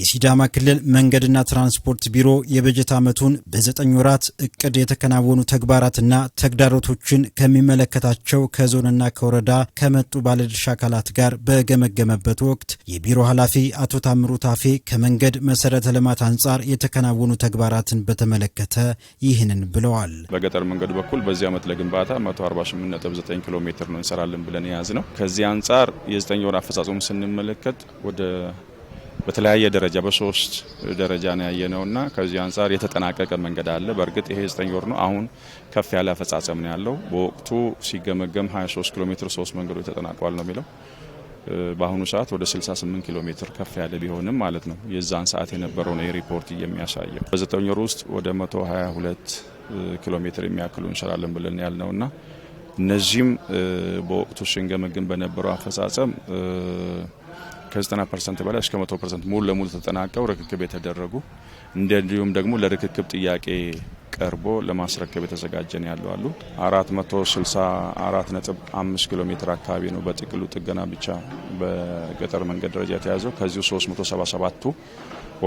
የሲዳማ ክልል መንገድና ትራንስፖርት ቢሮ የበጀት ዓመቱን በዘጠኝ ወራት እቅድ የተከናወኑ ተግባራትና ተግዳሮቶችን ከሚመለከታቸው ከዞንና ከወረዳ ከመጡ ባለድርሻ አካላት ጋር በገመገመበት ወቅት የቢሮ ኃላፊ አቶ ታምሩ ታፌ ከመንገድ መሰረተ ልማት አንጻር የተከናወኑ ተግባራትን በተመለከተ ይህንን ብለዋል። በገጠር መንገድ በኩል በዚህ ዓመት ለግንባታ 148.9 ኪሎ ሜትር ነው እንሰራለን ብለን የያዝ ነው። ከዚህ አንጻር የዘጠኝ ወር አፈጻጸሙ ስንመለከት ወደ በተለያየ ደረጃ በሶስት ደረጃ ነው ያየነው እና ከዚህ አንጻር የተጠናቀቀ መንገድ አለ። በእርግጥ ይሄ ዘጠኝ ወር ነው። አሁን ከፍ ያለ አፈጻጸም ነው ያለው። በወቅቱ ሲገመገም 23 ኪሎ ሜትር ሶስት መንገዶች ተጠናቋል ነው የሚለው። በአሁኑ ሰዓት ወደ 68 ኪሎ ሜትር ከፍ ያለ ቢሆንም ማለት ነው የዛን ሰዓት የነበረው ነው የሪፖርት የሚያሳየው። በዘጠኝ ወር ውስጥ ወደ 122 ኪሎ ሜትር የሚያክሉ እንሰራለን ብለን ያልነው እና እነዚህም በወቅቱ ስንገመግም በነበረው አፈጻጸም ከ90 ፐርሰንት በላይ እስከ 100 ፐርሰንት ሙሉ ለሙሉ ተጠናቀው ርክክብ የተደረጉ እንዲሁም ደግሞ ለርክክብ ጥያቄ ቀርቦ ለማስረከብ የተዘጋጀን ያለው አሉ 464.5 ኪሎ ሜትር አካባቢ ነው በጥቅሉ ጥገና ብቻ በገጠር መንገድ ደረጃ የተያዘው። ከዚሁ 377ቱ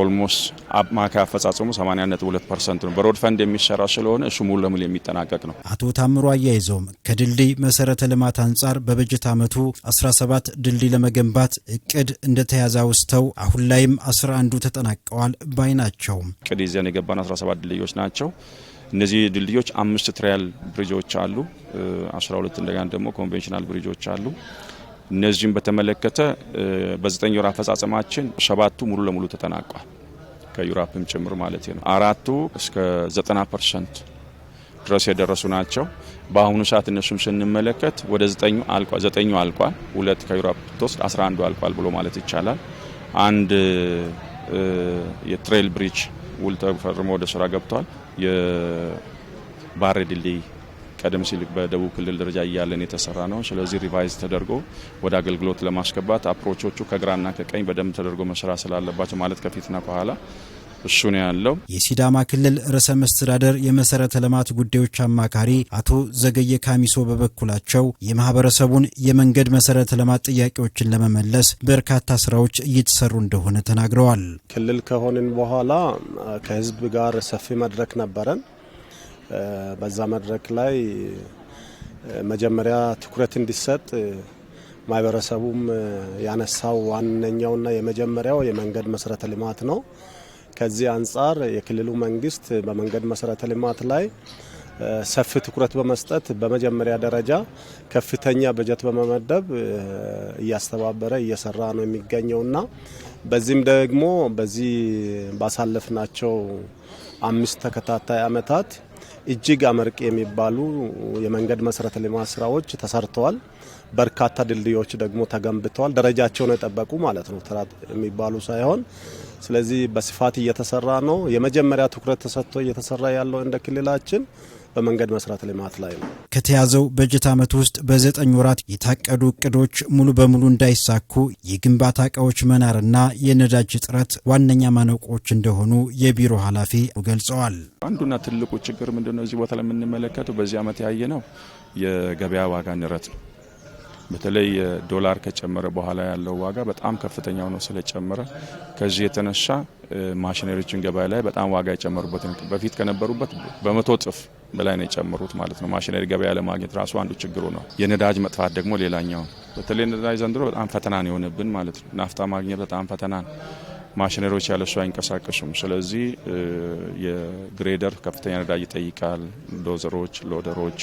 ኦልሞስት አማካይ አፈጻጸሙ 82 ፐርሰንት ነው። በሮድ ፈንድ የሚሰራ ስለሆነ እሱ ሙሉ ለሙሉ የሚጠናቀቅ ነው። አቶ ታምሮ አያይዘውም ከድልድይ መሰረተ ልማት አንጻር በበጀት ዓመቱ 17 ድልድይ ለመገንባት እቅድ እንደተያዘ አውስተው አሁን ላይም 11 ተጠናቀዋል ባይ ናቸው። እቅድ ይዘን የገባን 17 ድልድዮች ናቸው። እነዚህ ድልድዮች አምስት ትሪያል ብሪጆች አሉ፣ 12 እንደገና ደግሞ ኮንቬንሽናል ብሪጆች አሉ። እነዚህም በተመለከተ በዘጠኝ ወር አፈጻጸማችን ሰባቱ ሙሉ ለሙሉ ተጠናቋል። ከዩራፕም ጭምር ማለት ነው። አራቱ እስከ ዘጠና ፐርሰንት ድረስ የደረሱ ናቸው። በአሁኑ ሰዓት እነሱም ስንመለከት ወደ ዘጠኙ አልቋል። ዘጠኙ አልቋል። ሁለት ከዩራፕ ትወስድ 11 አልቋል ብሎ ማለት ይቻላል። አንድ የትሬል ብሪጅ ውል ተፈርሞ ወደ ስራ ገብቷል። የባሬ ድልድይ ቀደም ሲል በደቡብ ክልል ደረጃ እያለን የተሰራ ነው። ስለዚህ ሪቫይዝ ተደርጎ ወደ አገልግሎት ለማስገባት አፕሮቾቹ ከግራና ከቀኝ በደንብ ተደርጎ መስራት ስላለባቸው ማለት ከፊትና ከኋላ እሱ ነው ያለው። የሲዳማ ክልል ርዕሰ መስተዳደር የመሰረተ ልማት ጉዳዮች አማካሪ አቶ ዘገየ ካሚሶ በበኩላቸው የማህበረሰቡን የመንገድ መሰረተ ልማት ጥያቄዎችን ለመመለስ በርካታ ስራዎች እየተሰሩ እንደሆነ ተናግረዋል። ክልል ከሆንን በኋላ ከህዝብ ጋር ሰፊ መድረክ ነበረን። በዛ መድረክ ላይ መጀመሪያ ትኩረት እንዲሰጥ ማህበረሰቡም ያነሳው ዋነኛውና የመጀመሪያው የመንገድ መሰረተ ልማት ነው። ከዚህ አንጻር የክልሉ መንግስት በመንገድ መሰረተ ልማት ላይ ሰፊ ትኩረት በመስጠት በመጀመሪያ ደረጃ ከፍተኛ በጀት በመመደብ እያስተባበረ እየሰራ ነው የሚገኘውና በዚህም ደግሞ በዚህ ባሳለፍናቸው አምስት ተከታታይ አመታት። እጅግ አመርቂ የሚባሉ የመንገድ መሰረተ ልማት ስራዎች ተሰርተዋል። በርካታ ድልድዮች ደግሞ ተገንብተዋል። ደረጃቸውን የጠበቁ ማለት ነው የሚባሉ ሳይሆን ስለዚህ በስፋት እየተሰራ ነው። የመጀመሪያ ትኩረት ተሰጥቶ እየተሰራ ያለው እንደ ክልላችን በመንገድ መስራት ልማት ላይ ነው። ከተያዘው በጀት ዓመት ውስጥ በዘጠኝ ወራት የታቀዱ እቅዶች ሙሉ በሙሉ እንዳይሳኩ የግንባታ እቃዎች መናርና የነዳጅ እጥረት ዋነኛ ማነቆች እንደሆኑ የቢሮ ኃላፊ ገልጸዋል። አንዱና ትልቁ ችግር ምንድነው? እዚህ ቦታ ላይ የምንመለከተው በዚህ ዓመት ያየ ነው የገበያ ዋጋ ንረት ነው። በተለይ ዶላር ከጨመረ በኋላ ያለው ዋጋ በጣም ከፍተኛ ሆኖ ስለጨመረ ከዚህ የተነሳ ማሽነሪዎችን ገበያ ላይ በጣም ዋጋ የጨመሩበት በፊት ከነበሩበት በመቶ ጥፍ በላይ ነው የጨምሩት ማለት ነው። ማሽነሪ ገበያ ለማግኘት ራሱ አንዱ ችግሩ ነው። የነዳጅ መጥፋት ደግሞ ሌላኛው። በተለይ ነዳጅ ዘንድሮ በጣም ፈተና የሆነብን ማለት ነው። ናፍጣ ማግኘት በጣም ፈተናን ማሽነሪዎች ያለሱ አይንቀሳቀሱም። ስለዚህ የግሬደር ከፍተኛ ነዳጅ ይጠይቃል። ዶዘሮች፣ ሎደሮች